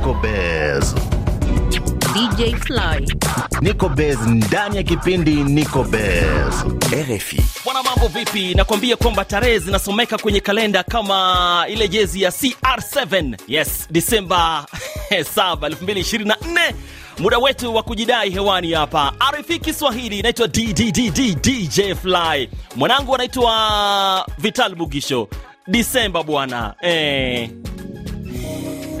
Nico Bez, DJ Fly, Nico Bez ndani ya kipindi Nico Bez RFI. Bwana, mambo vipi? Nakwambia kwamba tarehe zinasomeka kwenye kalenda kama ile jezi ya CR7. Yes, Disemba 7, 2024 muda wetu wa kujidai hewani hapa RFI Kiswahili. Inaitwa DDDDJ Fly, mwanangu anaitwa Vital Bugisho. Disemba bwana, eh.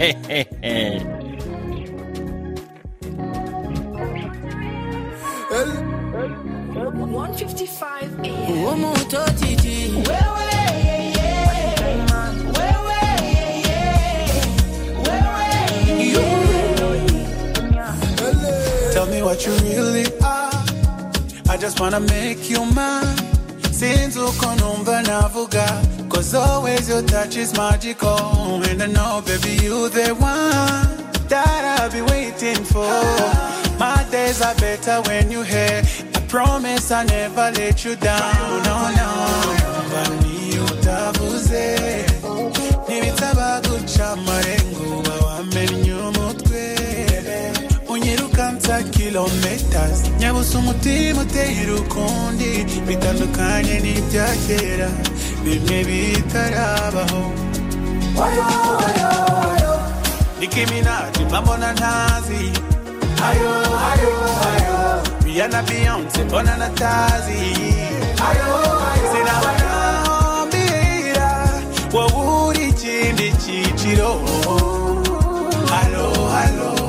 155 a.m. Tell me what you really are. I just wanna make you mine. Since you come over, Cause always your touch is magical. And I know, baby, you the one that I'll be waiting for. My days are better when you're here. I promise I will never let you down. Oh, no, no. Nibitabago kilometers nyabusa umutima uteye ukundi bitandukanye n'ibya kera bimwe bitarabaho Nicki Minaj mbambona ntazi ayo ayo ayo Rihanna Beyonce mbona natazi ayo ayo sinabona aho mbira wowe uri ikindi cyiciro halo halo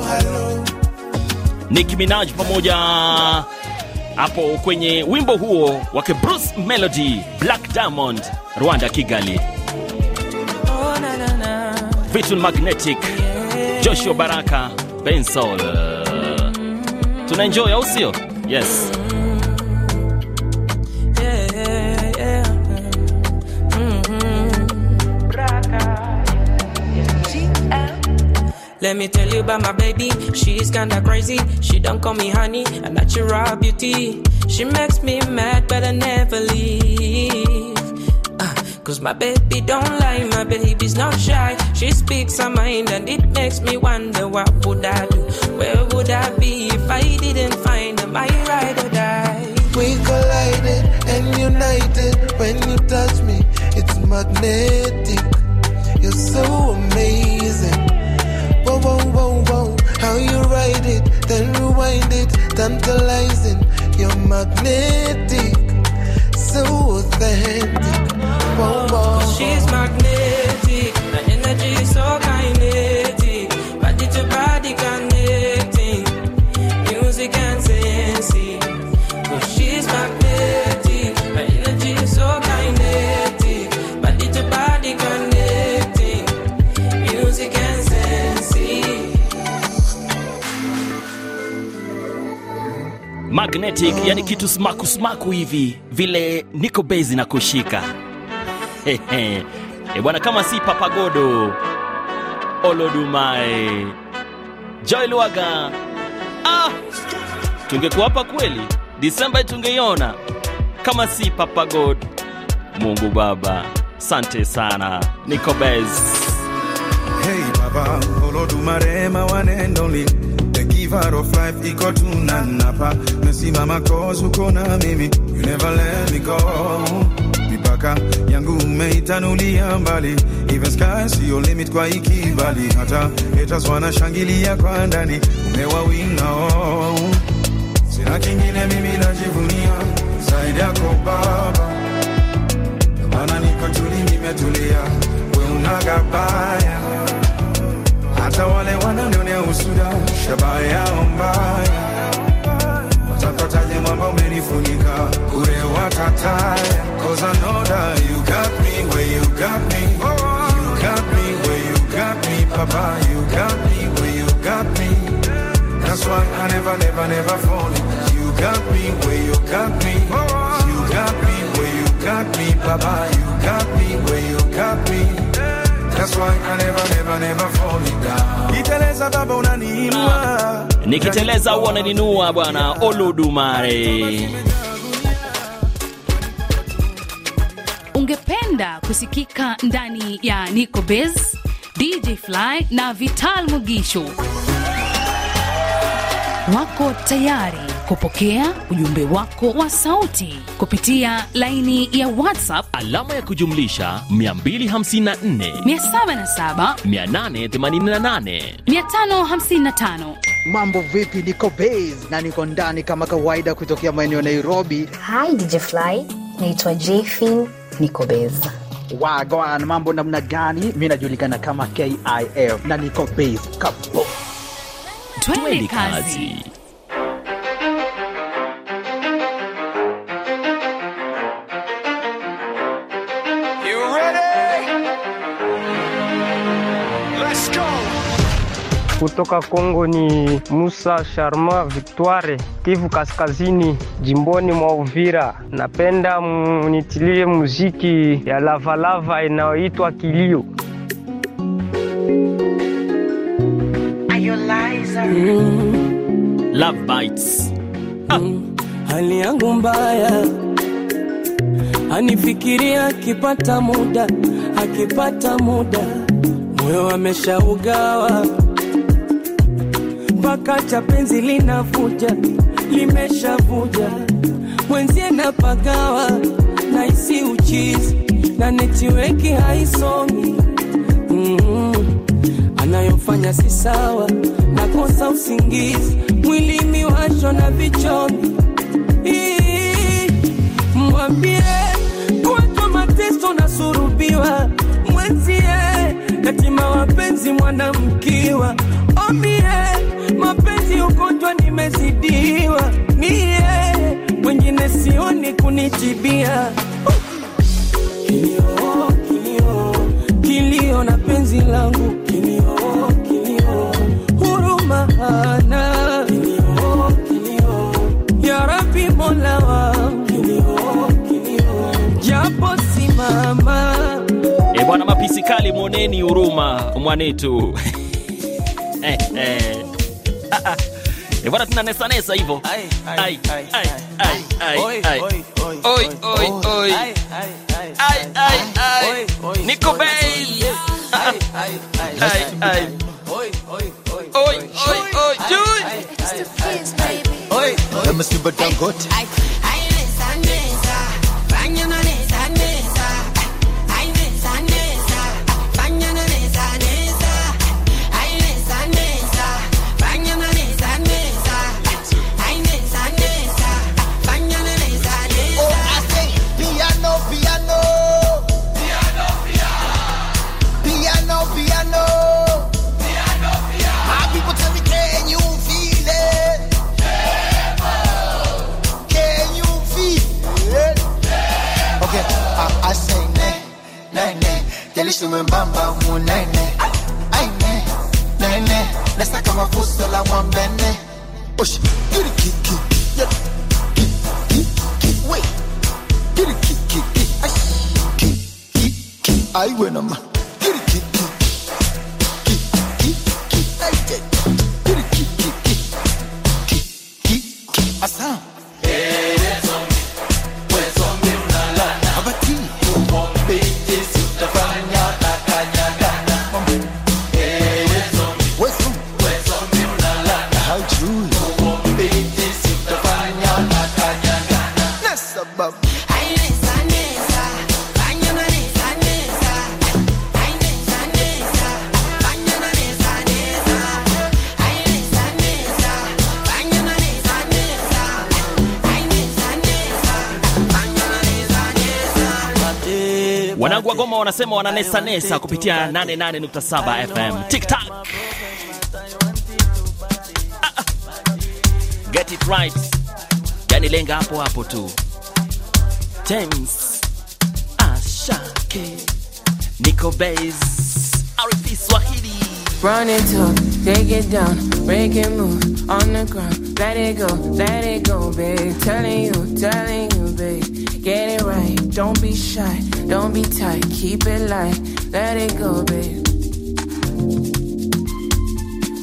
Nicki Minaj pamoja hapo kwenye wimbo huo wake Bruce Melody, Black Diamond, Rwanda, Kigali. Oh, na, na, na. Vitu Magnetic, Joshua Baraka, bensol Tunaenjoy au sio? Yes. Let me tell you about my baby. She's kinda crazy. She don't call me honey, a natural beauty. She makes me mad, but I never leave. Uh, Cause my baby don't lie, my baby's not shy. She speaks her mind, and it makes me wonder what would I do? Where would I be if I didn't find her? My ride or die. We collided and united when you touch me. It's magnetic. You're so amazing tantalizing. You're magnetic, so authentic. Whoa, whoa, She's magnetic, My energy is so kinetic. Body to body connecting, music and sense. Cause she's magnetic. magnetic, yani kitu smaku smaku hivi vile niko bezi na kushika e bwana, kama si papagodo olodumae Joy Luaga, ah, tungekuwapa kweli Disemba tungeiona kama si papagod. Mungu Baba, sante sana niko Hey Baba Olodumare river of life iko tunanapa, mesimama cause uko na mimi, you never let me go. Mipaka yangu umeitanulia mbali, even sky your limit kwa ikibali, hata haters shangilia kwa ndani, umewawinga oh. Sina kingine mimi najivunia zaidi yako Baba, ndio niko tuli, nimetulia, we unagabaya hata wale wanaonihusuda shabaha yao mbaya cause I know that you got me where you got me you got me where you got me papa you got me where you got me that's why I never never never fall you got me where you got me you got me where you got me papa you got me where you got me baba Nikiteleza huwa ninua bwana Oludumare. Ungependa kusikika ndani ya Nico Bez, DJ Fly na Vital Mugisho. Wako tayari kupokea ujumbe wako wa sauti kupitia laini ya WhatsApp alama ya kujumlisha 254 77 Mambo vipi? Niko base na niko ndani kama kawaida kutokea maeneo ya Nairobi. Hi DJ Fly, naitwa Jefin, niko base Wagwan, mambo namna gani? Mi najulikana kama KIF na niko base kapo. Twende kazi. Kutoka Kongo ni Musa Sharma Victoire, Kivu Kaskazini, jimboni mwa Uvira. Napenda munitilie muziki ya Lavalava inayoitwa Kilio. Mm. Love bites. Mm. Hali yangu mbaya, anifikiria akipata muda, akipata muda, moyo ameshaugawa mpaka cha penzi linavuja, limeshavuja mwenzie na pagawa na isi uchizi na netiweki haisomi mm -hmm. Anayofanya si sawa, nakosa usingizi, mwili miwasho na vichomi. Mwambie kuachwa mateso nasurubiwa mwenzie, yatima wapenzi mwanamkiwa ombi kunitibia kilio, na penzi langu huruma hana japo simama. Eh, mapisikali mwoneni huruma mwanetu ni eh, bwana tunanesanesa nesa hivyo niko namasiba dangote mwembamba munene aine nene nesa kama fuso la mwambene Push, get it, kick, kick, yeah. Kick, wait. Get it, kick, Ay, bueno, ma. wanasema wananesa nesa kupitia 88.7 FM TikTok. Ah, ah, get it right, yani lenga hapo hapo tu. James Ashake, Nico Base, RFI Swahili. Run into, take it down, break it, move on the ground. Let it go, let it go, babe. Telling you, telling you, babe. Get it right, don't be shy. Don't be tight, keep it light, let it go, babe.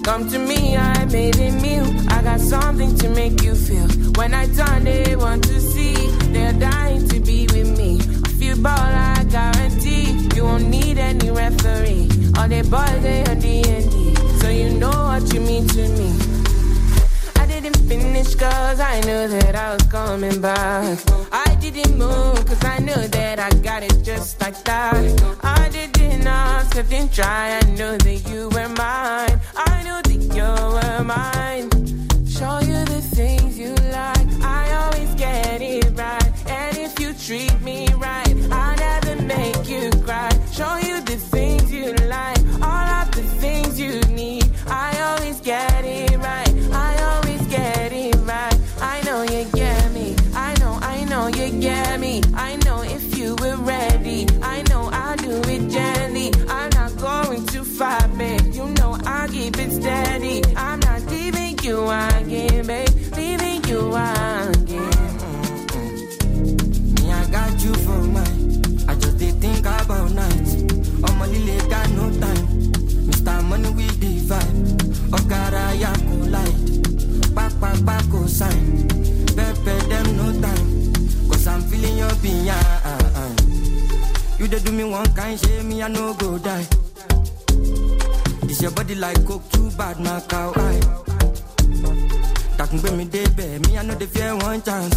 Come to me, I made it meal. I got something to make you feel. When I turn, they want to see. They're dying to be with me. I feel ball, I guarantee. You won't need any referee. All they boys, they are D&D. So you know what you mean to me. I didn't finish cause I knew that I was coming back. I didn't move, cause I knew that I got it just like that. I didn't ask, I didn't try, I knew that you were mine. I knew that you were mine. Show you the things you like, I always get it right. And if you treat me right, me one kind, shame me, I no go die. It's your body like coke, too bad, my cow eye. That can bring me day baby, me, I know the fear one chance.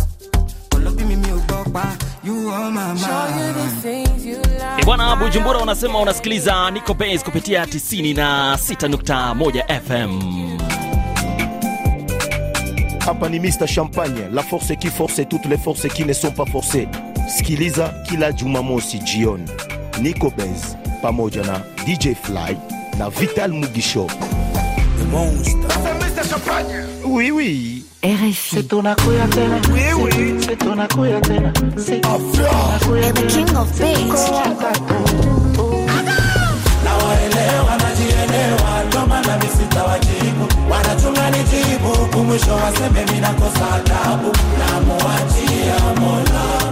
E bwana, Bujumbura unasema unasikiliza Niko Base kupitia 96.1 FM. Hapa ni Mr Champagne, la force qui force toutes les forces qui ne sont pas forcées. Sikiliza kila Jumamosi jioni. Nico Bez pamoja na DJ Fly na Vital Mugisho. The Monster. Oui, oui. adabu. Namuachia Mola.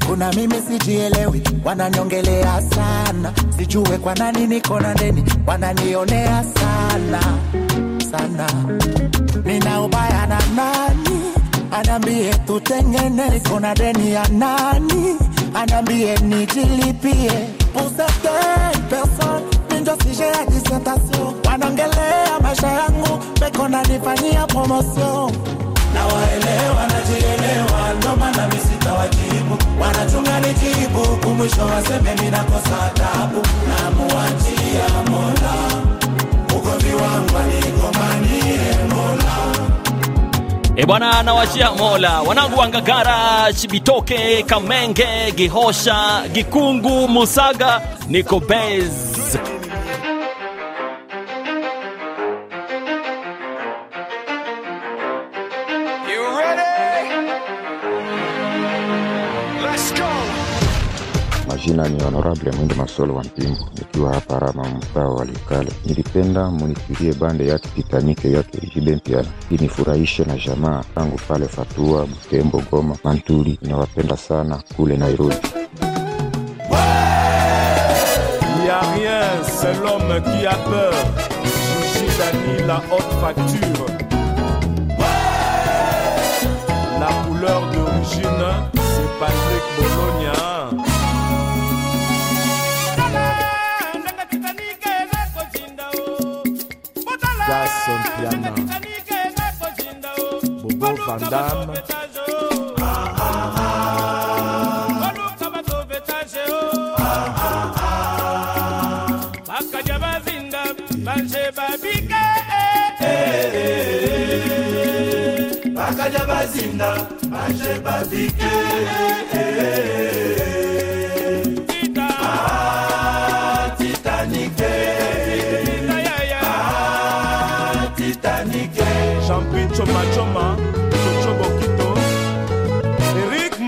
siku na mimi sijielewi, wananiongelea sana, sijue kwa nani niko na deni, wananionea sana sana, nina ubaya na nani? Anambie tutengene, niko na deni ya nani? Anambie nijilipie, pour maisha yangu, peko nanifanyia promotion, na waelewa najielewa, ndo maana mimi sitawajibu wanachunganijibu kumwisho waseme minakosa tabu na muachia mola ugovi wangu anikomanie mola E bwana, nawachia Mola wanangu wa Ngagara, Chibitoke, Kamenge, Gihosha, Gikungu, Musaga, Nikobezi Jina ni Honorable Mwindi Masolo wa mpimbo nikiwa hapa Rama, mtao wa Likale. Nilipenda munitilie bande yake Titanike yake Jibempiana inifurahishe na jamaa tangu pale Fatua, mtembo Goma, Mantuli. Ninawapenda sana kule Nairobi. Ya rien la La couleur d'origine c'est Patrick Bologna Gasson Piana, eh, eh, oh. Bobo Van Damme. Ah, ah, ah. Bakaja bazinda, banje babike. Eh,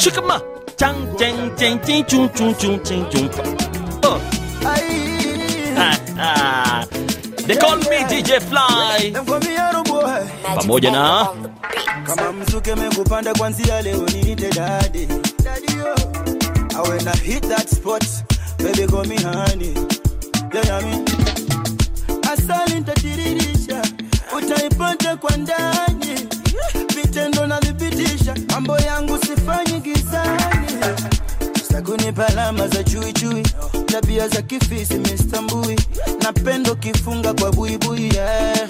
chikama Chang, chang, chang, ching, chung, chung, chung, ching, chung. Oh. ah, ah. They call me DJ Fly. Pamoja na kama msuke mekupanda kwanzia leo ni nite dadi. Dadi yo. I when I hit that spot, baby call me honey. You know me? Asali nitatirisha, utaipata kwa ndani. Vitendo na vipitisha, mambo yangu sifanya alama za chuichui, tabia za kifisi mistambui, napendo kifunga kwa buibui yeah.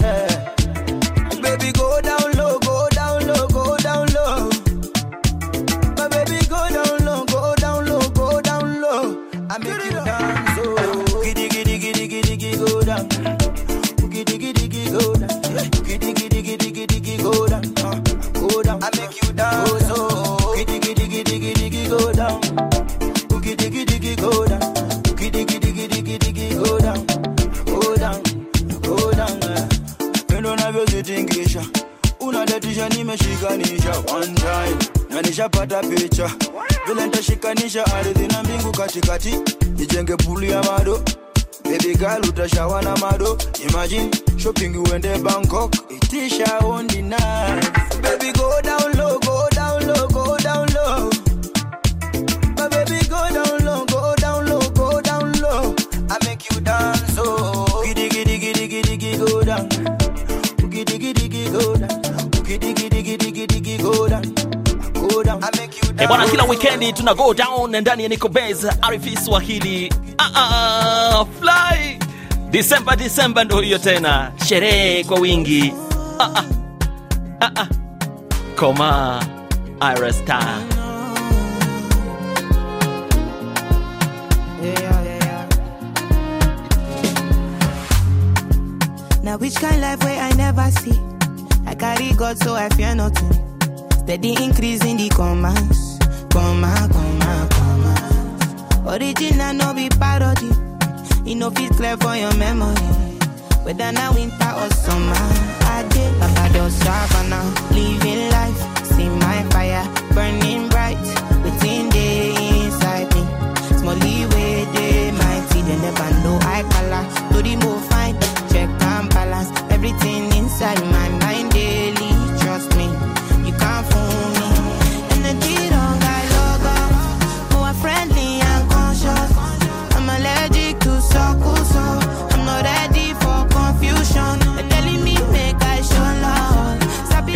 imeshikanisha one time na nishapata picha vile ntashikanisha ardhi na mbingu katikati nijenge pulu ya mado Baby girl utashawa na mado Imagine shopping uende Bangkok itisha on the night Baby go down E bwana, kila weekend tuna go down ndani ya Nico Base RFI Swahili. Ah, ah, ah, fly December, December ndo hiyo tena, sherehe kwa wingi. Ah, ah, ah, ah. Koma Ira Star Now which kind life way I never see I carry God so I fear nothing Steady increase in the commands Goma, come, goma. Original no be parody. You know feel clear for your memory. Whether now winter or summer, I did Baba now. living life. See my fire burning bright.